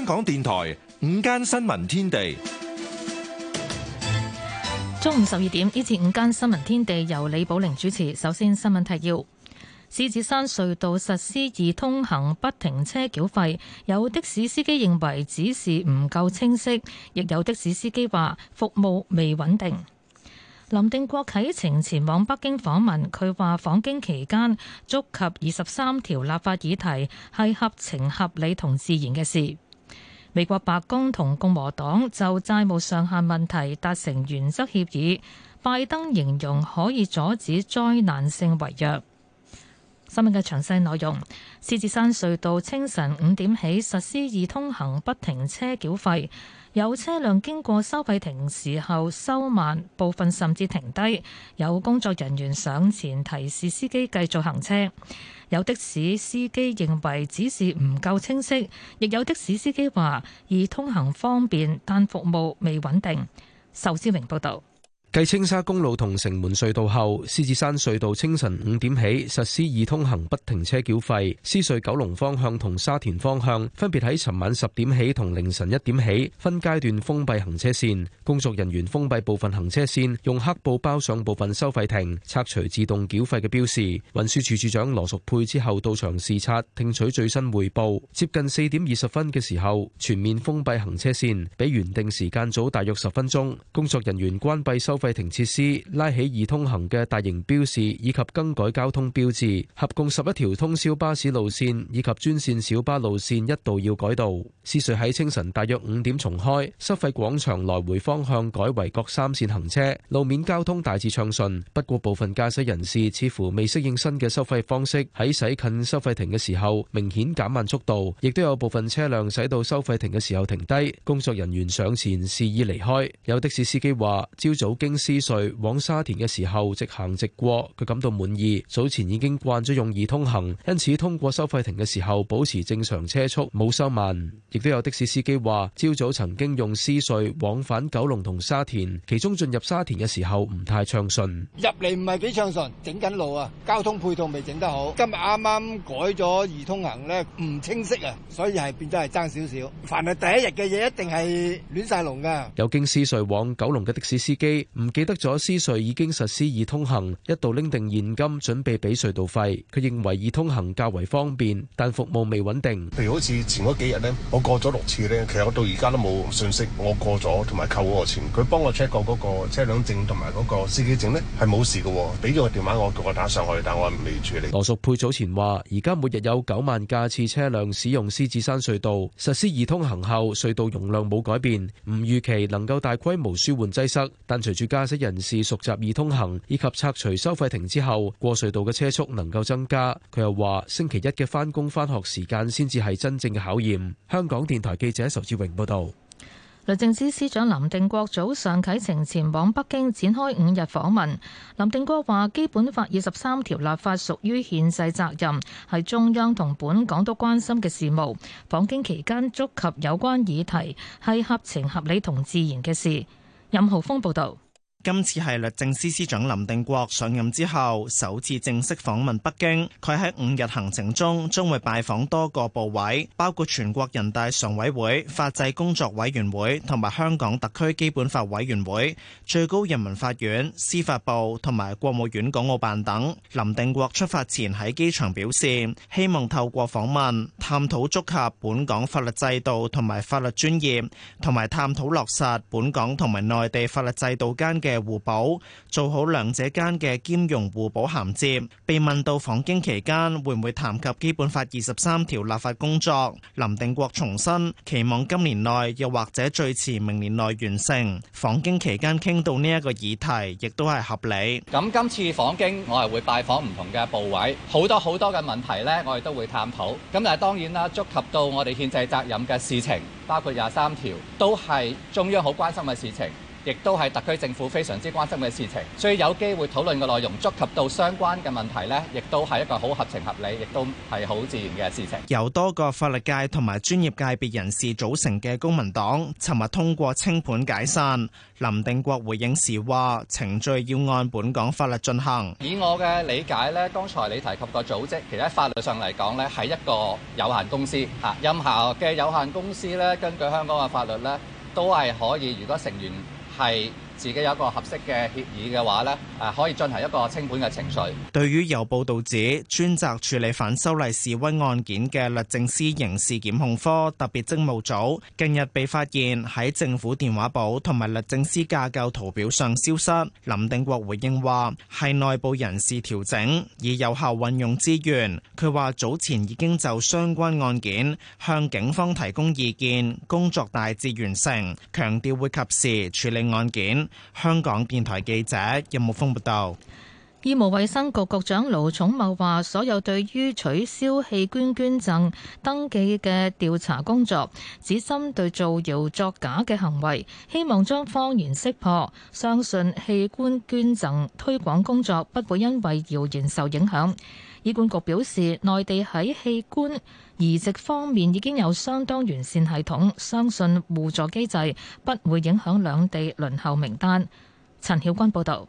香港電台午間新聞天地，中午十二點，呢次午間新聞天地由李寶玲主持。首先，新聞提要：獅子山隧道實施易通行不停車繳費，有的士司機認為指示唔夠清晰，亦有的士司機話服務未穩定。林定國啟程前往北京訪問，佢話訪京期間觸及二十三條立法議題係合情合理同自然嘅事。美國白宮同共和黨就債務上限問題達成原則協議，拜登形容可以阻止災難性違約。新聞嘅詳細內容：獅子山隧道清晨五點起實施易通行，不停車繳費。有車輛經過收費亭時候，收慢，部分甚至停低。有工作人員上前提示司機繼續行車。有的士司機認為指示唔夠清晰，亦有的士司機話而通行方便，但服務未穩定。仇思明報導。繼青沙公路同城門隧道後，獅子山隧道清晨五點起實施易通行不停車繳費。獅隧九龍方向同沙田方向分別喺尋晚十點起同凌晨一點起分階段封閉行車線，工作人員封閉部分行車線，用黑布包上部分收費亭，拆除自動繳費嘅標示。運輸署署長羅淑佩之後到場視察，聽取最新匯報。接近四點二十分嘅時候，全面封閉行車線，比原定時間早大約十分鐘。工作人員關閉收。費亭設施，拉起易通行嘅大型標示以及更改交通標誌，合共十一條通宵巴士路線以及專線小巴路線一度要改道。是隨喺清晨大約五點重開，收費廣場來回方向改為各三線行車，路面交通大致暢順。不過部分駕駛人士似乎未適應新嘅收費方式，喺駛近收費亭嘅時候明顯減慢速度，亦都有部分車輛駛到收費亭嘅時候停低，工作人員上前示意離開。有的士司機話：朝早經經獅隧往沙田嘅時候直行直過，佢感到滿意。早前已經慣咗用易通行，因此通過收費亭嘅時候保持正常車速，冇收慢。亦都有的士司機話，朝早曾經用獅隧往返九龍同沙田，其中進入沙田嘅時候唔太暢順。入嚟唔係幾暢順，整緊路啊，交通配套未整得好。今日啱啱改咗易通行咧，唔清晰啊，所以係變咗係爭少少。凡係第一日嘅嘢，一定係亂晒龍噶。有經獅隧往九龍嘅的士司機。唔記得咗，獅隧已經實施易通行，一度拎定現金準備俾隧道費。佢認為易通行較為方便，但服務未穩定。譬如好似前嗰幾日咧，我過咗六次咧，其實我到而家都冇信息，我過咗同埋扣嗰個錢，佢幫我 check 過嗰個車輛證同埋嗰個司機證咧，係冇事嘅，俾咗個電話我叫我打上去，但我未處理。羅淑佩早前話，而家每日有九萬架次車輛使用獅子山隧道，實施易通行後，隧道容量冇改變，唔預期能夠大規模紓緩擠塞，但隨住。駕駛人士熟習易通行，以及拆除收費亭之後過隧道嘅車速能夠增加。佢又話：星期一嘅翻工翻學時間先至係真正嘅考驗。香港電台記者仇志榮報道。律政司司長林定國早上啟程前往北京展開五日訪問。林定國話：基本法二十三條立法屬於憲制責任，係中央同本港都關心嘅事務。訪京期間觸及有關議題，係合情合理同自然嘅事。任浩峰報道。今次係律政司司長林定國上任之後首次正式訪問北京。佢喺五日行程中將會拜訪多個部委，包括全國人大常委會、法制工作委員會、同埋香港特區基本法委員會、最高人民法院、司法部同埋國務院港澳辦等。林定國出發前喺機場表示，希望透過訪問探討觸及本港法律制度同埋法律專業，同埋探討落實本港同埋內地法律制度間嘅。嘅互保，做好兩者間嘅兼容互補銜接。被問到訪京期間會唔會談及基本法二十三條立法工作，林定國重申期望今年內又或者最遲明年內完成。訪京期間傾到呢一個議題亦都係合理。咁今次訪京我係會拜訪唔同嘅部委，好多好多嘅問題咧，我哋都會探討，咁但係當然啦，觸及到我哋憲制責任嘅事情，包括廿三條都係中央好關心嘅事情。亦都係特區政府非常之關心嘅事情，所以有機會討論嘅內容觸及到相關嘅問題呢，亦都係一個好合情合理，亦都係好自然嘅事情。由多個法律界同埋專業界別人士組成嘅公民黨，尋日通過清盤解散。林定國回應時話：程序要按本港法律進行。以我嘅理解呢，剛才你提及個組織，其實喺法律上嚟講呢，係一個有限公司嚇。任何嘅有限公司呢，根據香港嘅法律呢，都係可以。如果成員係。自己有一個合適嘅協議嘅話咧，誒可以進行一個清盤嘅程序。對於有報道指專責處理反修例示威案件嘅律政司刑事檢控科特別職務組近日被發現喺政府電話簿同埋律政司架構圖表上消失，林定國回應話，係內部人事調整，以有效運用資源。佢話早前已經就相關案件向警方提供意見，工作大致完成，強調會及時處理案件。香港電台記者任木峰報道，醫務衛生局局長盧寵茂話：所有對於取消器官捐贈登記嘅調查工作，只針對造謠作假嘅行為，希望將謊言識破，相信器官捐贈推廣工作不會因為謠言受影響。醫管局表示，內地喺器官移植方面已經有相當完善系統，相信互助機制不會影響兩地輪候名單。陳曉君報導，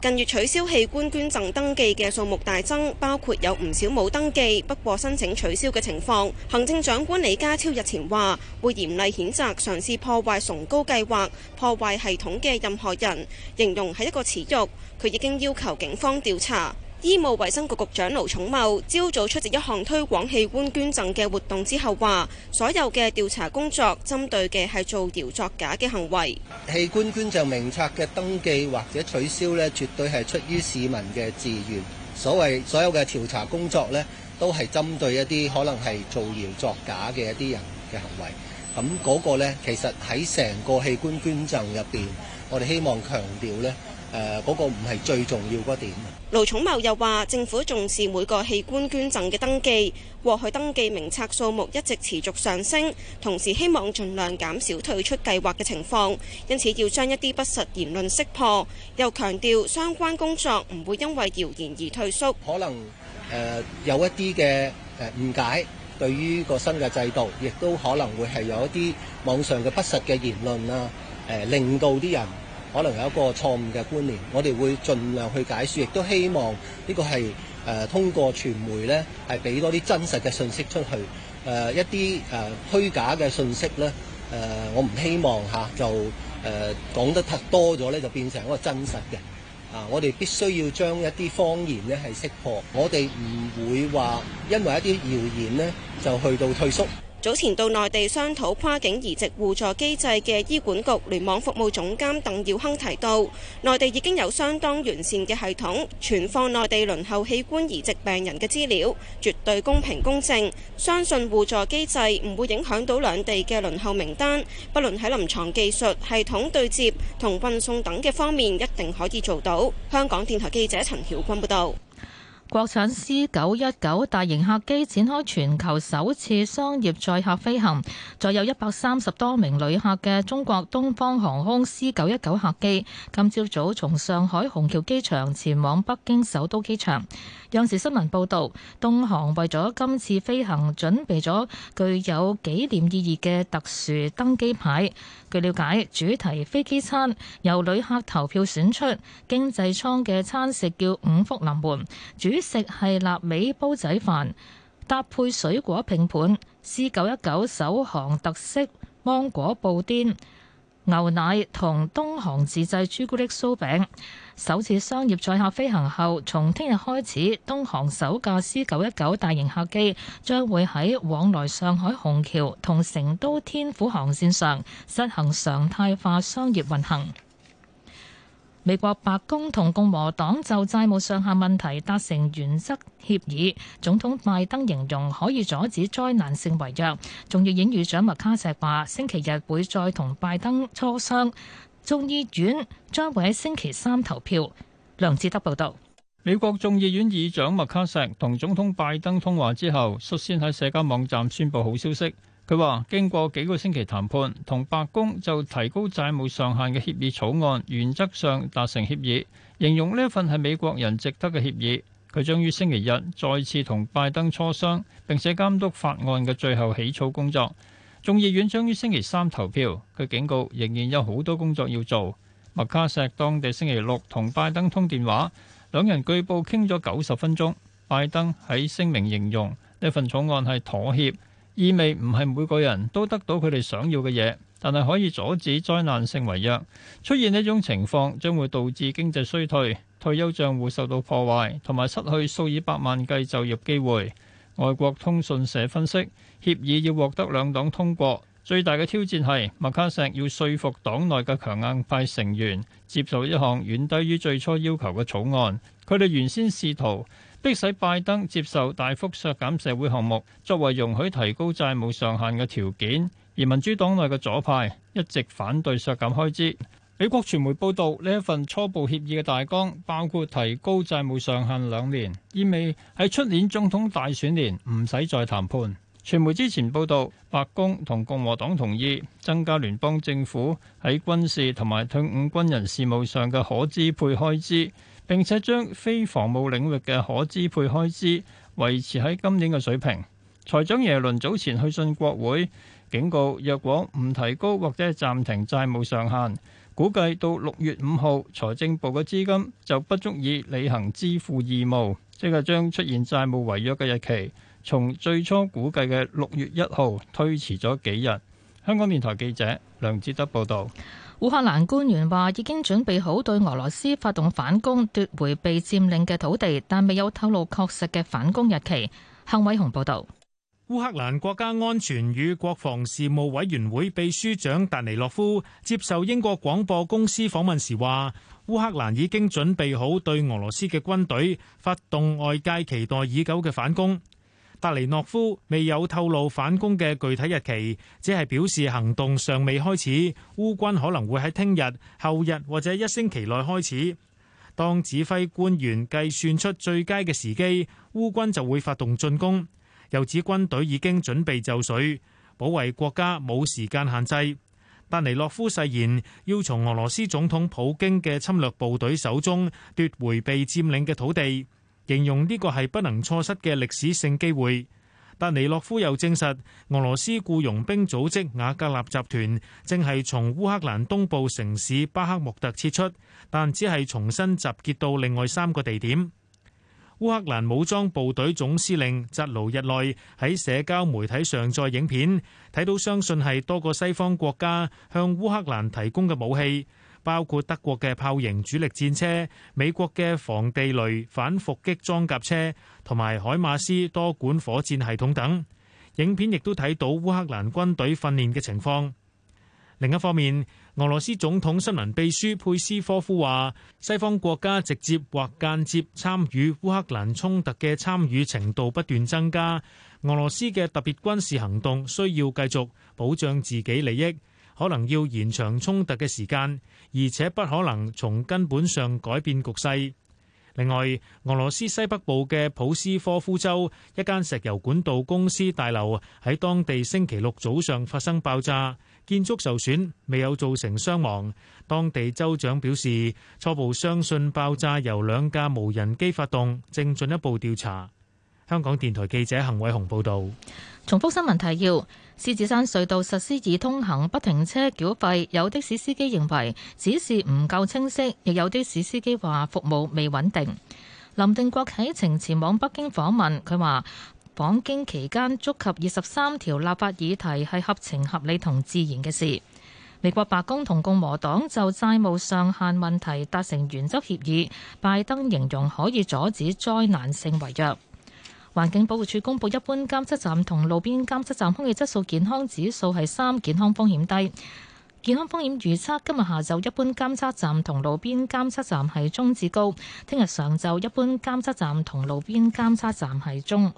近月取消器官捐贈登記嘅數目大增，包括有唔少冇登記不過申請取消嘅情況。行政長官李家超日前話會嚴厲譴責嘗試破壞崇高計劃、破壞系統嘅任何人，形容係一個恥辱。佢已經要求警方調查。醫務衛生局局長盧寵茂，朝早出席一項推廣器官捐贈嘅活動之後話，所有嘅調查工作，針對嘅係造謠作假嘅行為。器官捐贈名冊嘅登記，或者取消呢，絕對係出於市民嘅自願。所謂，所有嘅調查工作呢，都係針對一啲可能係造謠作假嘅一啲人嘅行為。噉嗰個呢，其實喺成個器官捐贈入面，我哋希望強調呢誒嗰個唔係最重要嗰點。盧寵茂又話：政府重視每個器官捐贈嘅登記，過去登記名冊數目一直持續上升，同時希望盡量減少退出計劃嘅情況，因此要將一啲不實言論識破。又強調相關工作唔會因為謠言而退縮。可能誒有一啲嘅誒誤解，對於個新嘅制度，亦都可能會係有一啲網上嘅不實嘅言論啦，誒令到啲人。可能有一個錯誤嘅觀念，我哋會盡量去解説，亦都希望呢個係誒、呃、通過傳媒咧，係俾多啲真實嘅信息出去。誒、呃、一啲誒、呃、虛假嘅信息咧，誒、呃、我唔希望嚇、啊、就誒、呃、講得太多咗咧，就變成一個真實嘅。啊，我哋必須要將一啲謊言咧係識破，我哋唔會話因為一啲謠言咧就去到退縮。早前到內地商討跨境移植互助機制嘅醫管局聯網服務總監鄧耀亨提到，內地已經有相當完善嘅系統存放內地輪候器官移植病人嘅資料，絕對公平公正，相信互助機制唔會影響到兩地嘅輪候名單，不論喺臨床技術、系統對接同運送等嘅方面，一定可以做到。香港電台記者陳曉君報道。國產 c 九一九大型客機展開全球首次商業載客飛行，載有一百三十多名旅客嘅中國東方航空 c 九一九客機今朝早從上海虹橋機場前往北京首都機場，央視新聞報道，東航為咗今次飛行準備咗具有紀念意義嘅特殊登機牌。據了解，主題飛機餐由旅客投票選出，經濟艙嘅餐食叫五福臨門，主食係臘味煲仔飯，搭配水果拼盤。C919 首航特色芒果布甸、牛奶同東航自製朱古力酥餅。首次商業載客飛行後，從聽日開始，東航首架 C919 大型客機將會喺往來上海虹橋同成都天府航綫上實行常態化商業運行。美國白宮同共和黨就債務上限問題達成原則協議。總統拜登形容可以阻止災難性違約。眾議院議長麥卡錫話，星期日會再同拜登磋商。眾議院將會喺星期三投票。梁志德報道：美國眾議院議長麥卡錫同總統拜登通話之後，率先喺社交網站宣布好消息。佢話：經過幾個星期談判，同白宮就提高債務上限嘅協議草案原則上達成協議，形容呢份係美國人值得嘅協議。佢將於星期日再次同拜登磋商，並且監督法案嘅最後起草工作。眾議院將於星期三投票。佢警告仍然有好多工作要做。麥卡錫當地星期六同拜登通電話，兩人據報傾咗九十分鐘。拜登喺聲明形容呢份草案係妥協。意味唔係每個人都得到佢哋想要嘅嘢，但係可以阻止災難性違約出現呢種情況，將會導致經濟衰退、退休賬戶受到破壞同埋失去數以百萬計就業機會。外國通訊社分析，協議要獲得兩黨通過，最大嘅挑戰係麥卡錫要說服黨內嘅強硬派成員接受一項遠低於最初要求嘅草案，佢哋原先試圖。迫使拜登接受大幅削減社會項目作為容許提高債務上限嘅條件，而民主黨內嘅左派一直反對削減開支。美國傳媒報道呢一份初步協議嘅大綱，包括提高債務上限兩年，意味喺出年總統大選年唔使再談判。傳媒之前報道，白宮同共和黨同意增加聯邦政府喺軍事同埋退伍軍人事務上嘅可支配開支。並且將非防務領域嘅可支配開支維持喺今年嘅水平。財長耶倫早前去信國會，警告若果唔提高或者係暫停債務上限，估計到六月五號財政部嘅資金就不足以履行支付義務，即係將出現債務違約嘅日期，從最初估計嘅六月一號推遲咗幾日。香港電台記者梁志德報道。烏克蘭官員話已經準備好對俄羅斯發動反攻，奪回被佔領嘅土地，但未有透露確實嘅反攻日期。幸偉雄報道。烏克蘭國家安全與國防事務委員會秘書長達尼洛夫接受英國廣播公司訪問時話，烏克蘭已經準備好對俄羅斯嘅軍隊發動外界期待已久嘅反攻。特尼諾夫未有透露反攻嘅具體日期，只係表示行動尚未開始。烏軍可能會喺聽日、後日或者一星期內開始。當指揮官員計算出最佳嘅時機，烏軍就會發動進攻。有指軍隊已經準備就緒，保衛國家冇時間限制。達尼諾夫誓言要從俄羅斯總統普京嘅侵略部隊手中奪回被佔領嘅土地。形容呢個係不能錯失嘅歷史性機會，達尼洛夫又證實俄羅斯僱傭兵組織瓦格納集團正係從烏克蘭東部城市巴克穆特撤出，但只係重新集結到另外三個地點，烏克蘭武裝部隊總司令扎盧日內喺社交媒體上載影片，睇到相信係多個西方國家向烏克蘭提供嘅武器。包括德國嘅炮型主力戰車，美國嘅防地雷反伏擊裝甲車同埋海馬斯多管火箭系統等。影片亦都睇到烏克蘭軍隊訓練嘅情況。另一方面，俄羅斯總統新聞秘書佩斯科夫話：西方國家直接或間接參與烏克蘭衝突嘅參與程度不斷增加，俄羅斯嘅特別軍事行動需要繼續保障自己利益，可能要延長衝突嘅時間，而且不可能從根本上改變局勢。另外，俄羅斯西北部嘅普斯科夫州一間石油管道公司大樓喺當地星期六早上發生爆炸，建築受損，未有造成傷亡。當地州長表示，初步相信爆炸由兩架無人機發動，正進一步調查。香港電台記者恆偉雄報導。重複新聞提要。獅子山隧道實施已通行不停車繳費，有的士司機認為指示唔夠清晰，亦有的士司機話服務未穩定。林定國啟程前往北京訪問，佢話訪京期間觸及二十三條立法議題係合情合理同自然嘅事。美國白宮同共和黨就債務上限問題達成原則協議，拜登形容可以阻止災難性違約。環境保護署公布，一般監測站同路邊監測站空氣質素健康指數係三，健康風險低。健康風險預測今日下晝一般監測站同路邊監測站係中至高，聽日上晝一般監測站同路邊監測站係中。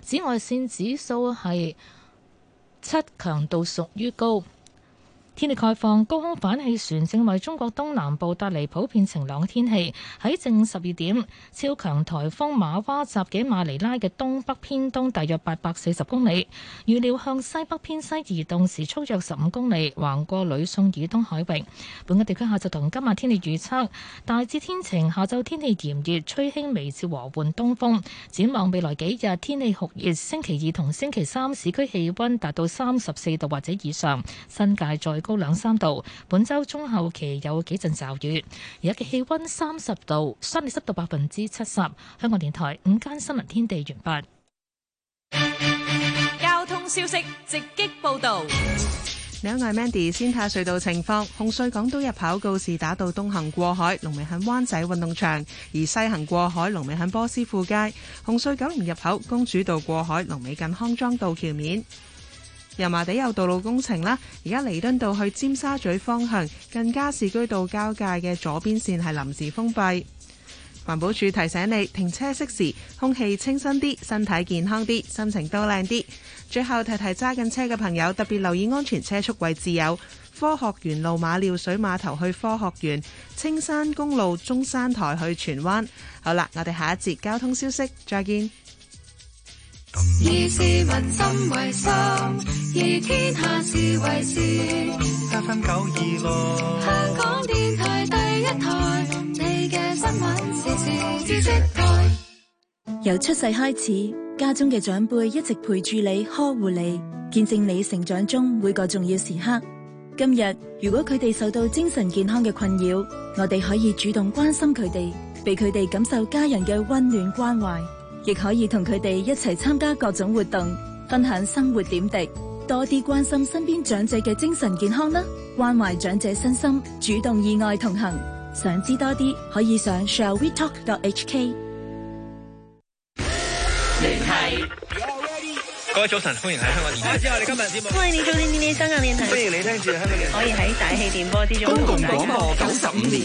紫外線指數係七，強度屬於高。天氣概況，高空反氣旋正為中國東南部帶嚟普遍晴朗嘅天氣。喺正午十二點，超強颱風瑪娃襲擊馬尼拉嘅東北偏東大約八百四十公里，預料向西北偏西移動，時速約十五公里，橫過呂宋以東海域。本港地區下晝同今日天氣預測，大致天晴，下晝天氣炎熱，吹輕微至和緩東風。展望未來幾日天氣酷熱，星期二同星期三市區氣温達到三十四度或者以上，新界再高兩三度，本周中後期有幾陣驟雨，而家嘅氣溫三十度，相對濕度百分之七十。香港電台五間新聞天地，完畢。交通消息直擊報道。你好，我係 Mandy，先睇隧道情況。紅隧港島入口告士打道東行過海，龍尾喺灣仔運動場；而西行過海，龍尾喺波斯富街。紅隧九龍入口公主道過海，龍尾近康莊道橋面。油麻地有道路工程啦，而家彌敦道去尖沙咀方向，近加士居道交界嘅左邊線係臨時封閉。環保署提醒你，停車熄匙，空氣清新啲，身體健康啲，心情都靚啲。最後提提揸緊車嘅朋友，特別留意安全車速位置，有科學園路馬料水碼頭去科學園，青山公路中山台去荃灣。好啦，我哋下一節交通消息再見。以市民心為心，以天下事為事。七分九二六，香港電台第一台，你嘅新聞時事資訊台。由出世開始，家中嘅長輩一直陪住你，呵護你，見證你成長中每個重要時刻。今日，如果佢哋受到精神健康嘅困擾，我哋可以主動關心佢哋，俾佢哋感受家人嘅溫暖關懷。亦可以同佢哋一齊參加各種活動，分享生活點滴，多啲關心身邊長者嘅精神健康啦，關懷長者身心，主動意外同行。想知多啲，可以上 shall we talk dot hk。體各位早晨，歡迎喺香港電台。我哋今日節目，歡迎你早啲點起身啊，靚女。歡迎你聽住香港電台，可以喺大氣電波之中。公共廣播九十五年。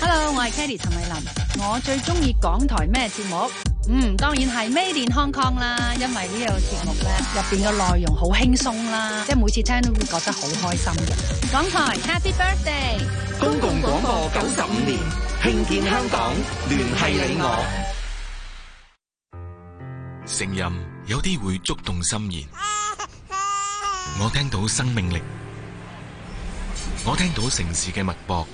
Hello，我係 Kelly 陳慧琳。我最中意港台咩節目？嗯，當然係 Made in Hong Kong 啦，因為呢個節目咧，入邊嘅內容好輕鬆啦，即係每次聽都會覺得好開心嘅。港台 Happy Birthday，公共廣播九十五年慶建香港，聯繫你我。聲音有啲會觸動心弦，我聽到生命力，我聽到城市嘅脈搏，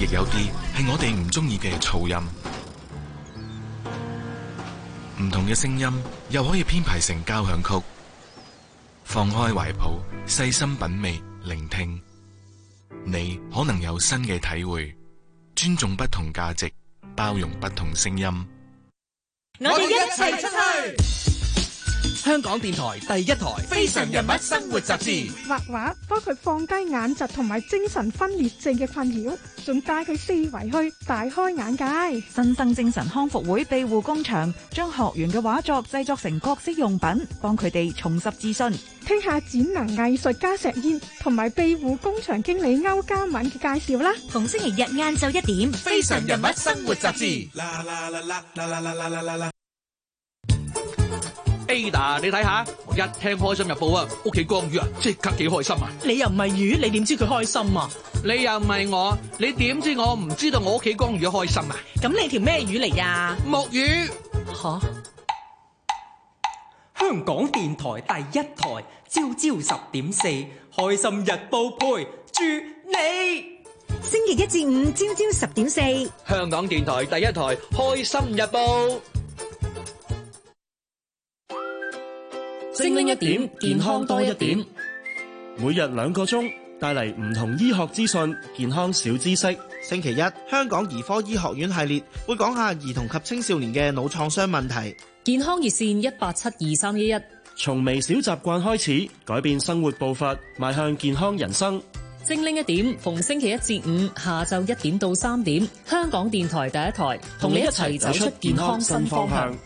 亦有啲係我哋唔中意嘅噪音。唔同嘅聲音又可以編排成交響曲，放開懷抱，細心品味，聆聽，你可能有新嘅體會。尊重不同價值，包容不同聲音，我哋一齊出去。香港電台第一台《非常人物生活雜誌》，畫畫幫佢放低眼疾同埋精神分裂症嘅困擾，仲帶佢四圍去大開眼界。新生精神康復會庇護工場將學員嘅畫作製作成各式用品，幫佢哋重拾自信。聽下展能藝術家石燕同埋庇護工場經理歐嘉敏嘅介紹啦。逢星期日晏晝一點，《非常人物生活雜誌》。Ada, 你睇下,我一聽開心日報啊,屋企光魚,即刻幾開心啊?你又唔係魚,你點知佢開心啊?你又唔係我,你點知我唔知道我屋企光魚開心啊?咁你條咩魚嚟呀?木魚!精靈一點，健康多一點。每日兩個鐘，帶嚟唔同醫學資訊、健康小知識。星期一，香港兒科醫學院系列會講下兒童及青少年嘅腦創傷問題。健康熱線一八七二三一一。從微小習慣開始，改變生活步伐，邁向健康人生。精靈一點，逢星期一至五下晝一點到三點，香港電台第一台同你一齊走出健康新方向。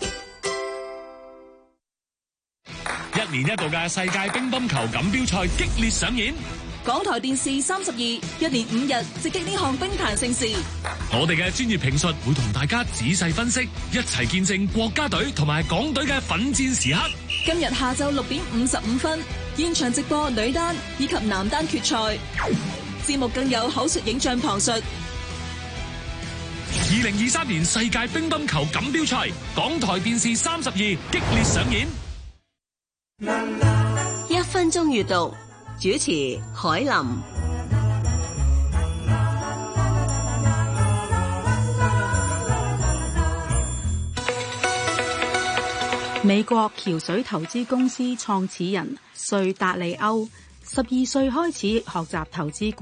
一年一度嘅世界乒乓球錦標賽激烈上演，港台電視三十二，一連五日直擊呢項乒壇盛事。我哋嘅專業評述會同大家仔細分析，一齊見證國家隊同埋港隊嘅奮戰時刻。今日下晝六點五十五分，現場直播女單以及男單決賽。節目更有口述影像旁述。二零二三年世界乒乓球錦標賽，港台電視三十二激烈上演。一分鐘閱讀，主持海林，美國橋水投資公司創始人瑞達利歐，十二歲開始學習投資。